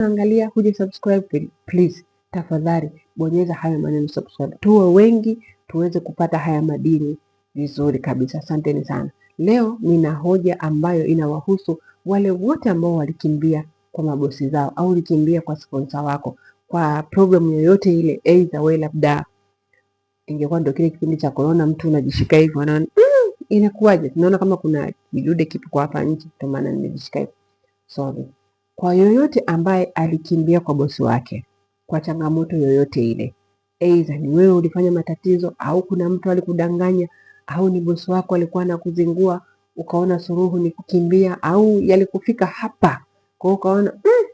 unaangalia huja subscribe please, tafadhali bonyeza hayo maneno subscribe, tuwe wengi tuweze kupata haya madini vizuri kabisa. Asanteni sana. Leo nina hoja ambayo inawahusu wale wote ambao walikimbia kwa mabosi zao au ulikimbia kwa sponsor wako kwa programu yoyote ile, aidha wewe labda ingekuwa ndio kile kipindi cha corona, mtu unajishika hivi unaona mm, inakuwaje? Tunaona kama kuna kidude kipo kwa hapa nje, ndio maana nimejishika hivi, sorry kwa yoyote ambaye alikimbia kwa bosi wake kwa changamoto yoyote ile, aidha ni wewe ulifanya matatizo au kuna mtu alikudanganya au ni bosi wako alikuwa anakuzingua ukaona suruhu ni kukimbia au yalikufika hapa kwa ukaona mm,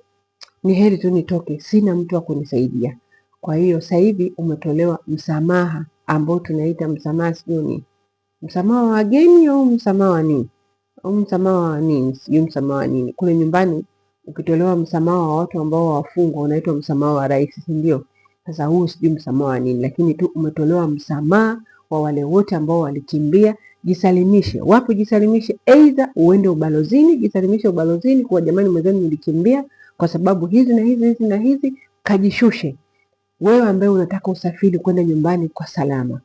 ni heri tu nitoke, sina mtu wa kunisaidia. Kwa hiyo sasa hivi umetolewa msamaha ambao tunaita msamaha, sio ni msamaha wa wageni au msamaha wa nini au msamaha wa nini, sijui msamaha wa nini kule nyumbani ukitolewa msamaha wa watu ambao wafungwa unaitwa msamaha wa rais, ndio? Sasa huu sijui msamaha wa nini, lakini tu umetolewa msamaha wa wale wote ambao walikimbia. Jisalimishe. wapo jisalimishe? Aidha uende ubalozini, jisalimishe ubalozini kwa jamani, mwenzenu nilikimbia kwa sababu hizi na hizi hizi na hizi. Kajishushe wewe ambaye unataka usafiri kwenda nyumbani kwa salama,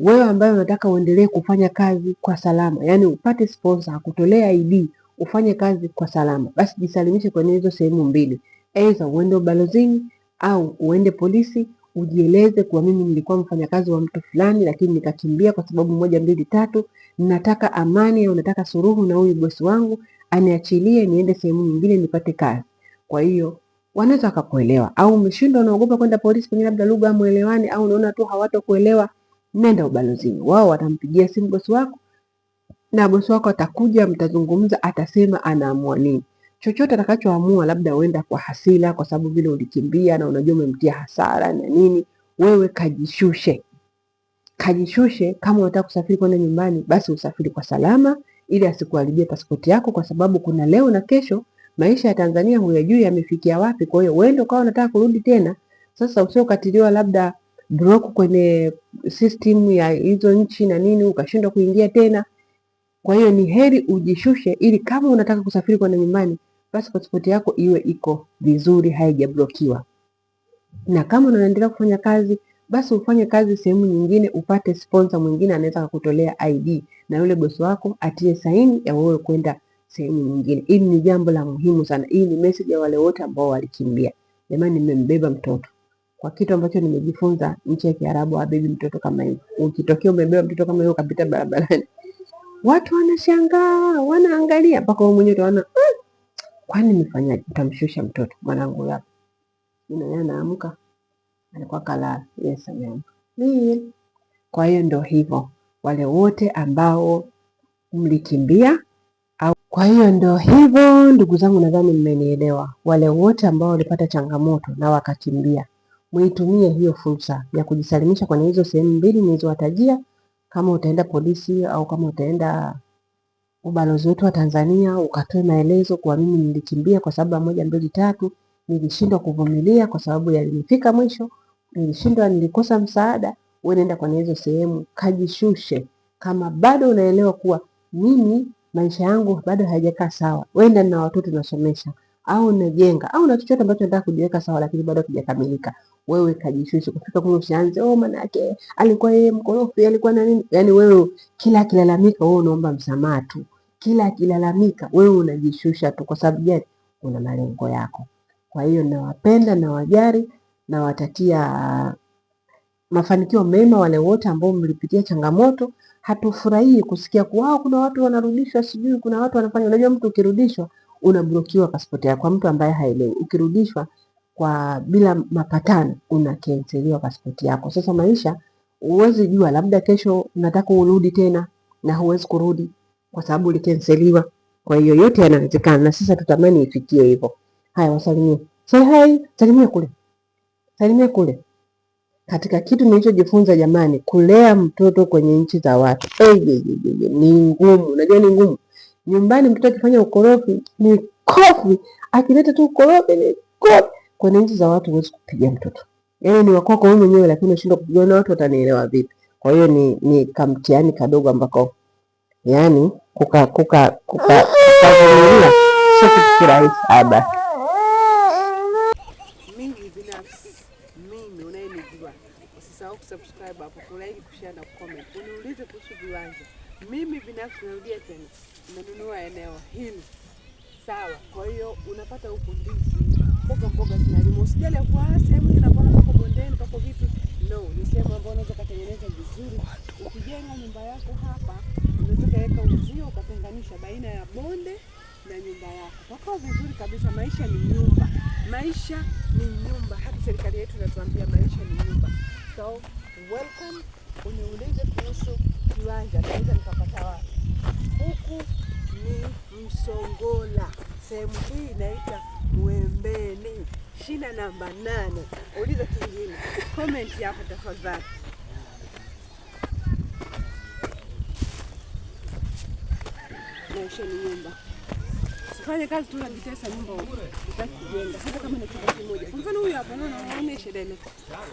wewe ambaye unataka uendelee kufanya kazi kwa salama, yaani upate sponsor akutolea ID ufanye kazi kwa salama, basi jisalimishe kwenye hizo sehemu mbili, aidha uende ubalozini au uende polisi, ujieleze kuwa mimi nilikuwa mfanyakazi wa mtu fulani, lakini nikakimbia kwa sababu moja mbili tatu. Nataka amani au nataka suruhu na huyu bosi wangu aniachilie, niende sehemu nyingine nipate kazi. Kwa hiyo wanaweza wakakuelewa, au umeshindwa, unaogopa kwenda polisi, pengine labda lugha hamwelewani, au unaona tu hawatokuelewa, nenda ubalozini. Wao watampigia simu bosi wako na bosi wako atakuja, mtazungumza, atasema anaamua nini. Chochote atakachoamua, labda uenda kwa hasira, kwa sababu vile ulikimbia na unajua umemtia hasara na nini. Wewe kajishushe, kajishushe. Kama unataka kusafiri kwenda nyumbani, basi usafiri kwa salama, ili asikuharibie pasipoti yako, kwa sababu kuna leo na kesho. Maisha ya Tanzania huyajui yamefikia wapi. Kwa hiyo wewe ndio ukawa unataka kurudi tena, sasa usio katiliwa labda block kwenye system ya hizo nchi na nini, ukashindwa kuingia tena. Kwa hiyo ni heri ujishushe, ili kama unataka kusafiri kwenda nyumbani, basi pasipoti yako iwe iko vizuri, haijablokiwa. Na kama unaendelea kufanya kazi, basi ufanye kazi sehemu nyingine, upate sponsor mwingine anaweza kukutolea ID na yule bosi wako atie saini ya wewe kwenda sehemu nyingine. Hili ni jambo la muhimu sana. Hii ni message ya wale wote ambao walikimbia. Jamani, nimembeba mtoto kwa kitu ambacho nimejifunza nchi ya Kiarabu, abebi mtoto kama hiyo. Ukitokea umebeba mtoto kama hiyo ukapita barabarani Watu wanashangaa, wanaangalia mpaka wewe mwenyewe utaona mm, kwani nimefanyaje? Utamshusha mtoto mwanangu yako. Yeye anaamka alikuwa kalala, yes ameamka. Mm. Kwa hiyo ndo hivyo, wale wote ambao mlikimbia au. Kwa hiyo ndo hivyo, ndugu zangu, nadhani mmenielewa. Wale wote ambao walipata changamoto na wakakimbia, muitumie hiyo fursa ya kujisalimisha kwenye hizo sehemu mbili nilizowatajia kama utaenda polisi au kama utaenda ubalozi wetu wa Tanzania ukatoe maelezo kwa mimi nilikimbia kwa sababu moja mbili tatu, nilishindwa kuvumilia kwa sababu yalinifika mwisho, nilishindwa, nilikosa msaada, wewe nenda kwenye hizo sehemu, kajishushe. Kama bado unaelewa kuwa mimi maisha yangu bado hayajakaa sawa, wenda na watoto nasomesha au najenga au na chochote ambacho nataka kujiweka sawa, lakini bado hakijakamilika wewe kajishushe, kufika kule usianze oh, manake alikuwa yeye mkorofi, alikuwa na nini. Yani wewe kila akilalamika, wewe unaomba msamaha tu, kila akilalamika, wewe unajishusha tu. Kwa sababu gani? Una malengo yako. Kwa hiyo nawapenda, nawajari, nawatakia uh, mafanikio mema wale wote ambao mlipitia changamoto. Hatufurahii kusikia kuwa ah, kuna watu wanarudishwa, sijui kuna watu wanafanya. Unajua, mtu ukirudishwa unablokiwa pasipoti yako, kwa mtu ambaye haelewi, ukirudishwa kwa bila mapatano, unakenseliwa pasipoti yako. Sasa maisha huwezi jua, labda kesho unataka urudi tena na huwezi kurudi kwa sababu ulikenseliwa. Kwa hiyo yote yanawezekana, na sasa tutamani ifikie hivyo. Haya, wasalimie hai, salimia kule, salimia kule. Katika kitu nilichojifunza jamani, kulea mtoto kwenye nchi za watu ni ngumu. Unajua ni ngumu. Nyumbani mtoto akifanya ukorofi ni kofi, akileta tu ukorofi ni kofi kwenye nchi za watu huwezi kupiga mtoto, yaani ni wakwako wewe mwenyewe, lakini unashindwa kupiga na yaani watu watanielewa vipi? Kwa hiyo ni, ni kamtiani kadogo ambako yani kuka kuka kuka kukavumilia sio kitu rahisi aba. kushare na kucomment. Uniulize kuhusu viwanja, mimi binafsi narudia tena, nimenunua eneo hili sawa. Kwa hiyo unapata huku ndizi mboga mboga zinalimwa. Usijali kwa sehemu hii inakuwa mpaka bondeni mpaka vipi? No, ni sehemu ambayo unaweza kutengeneza vizuri. Ukijenga nyumba yako hapa, unaweza kuweka uzio ukatenganisha baina ya bonde na nyumba yako. Kwa vizuri kabisa, maisha ni nyumba. Maisha ni nyumba. Hata serikali yetu inatuambia maisha ni nyumba. So, welcome. Uniulize kuhusu kiwanja, naweza nikapata wapi? Huku ni Msongola. Sehemu hii inaitwa Mwembeni, shina namba nane. Uliza kingine, comment yako tafadhali. Naisheni nyumba, sifanye kazi tu, najitesa nyumba utaki hata kama ni chumba kimoja. Kwa mfano huyu hapa, naona anaonesha dada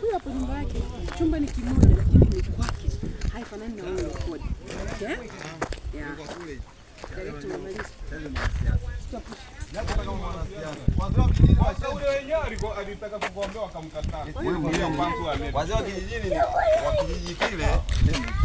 huyu hapa, nyumba yake chumba ni kimoja, lakini ni kwake, haifanani na wewe kodi wazee wa kijijini wa kijiji kile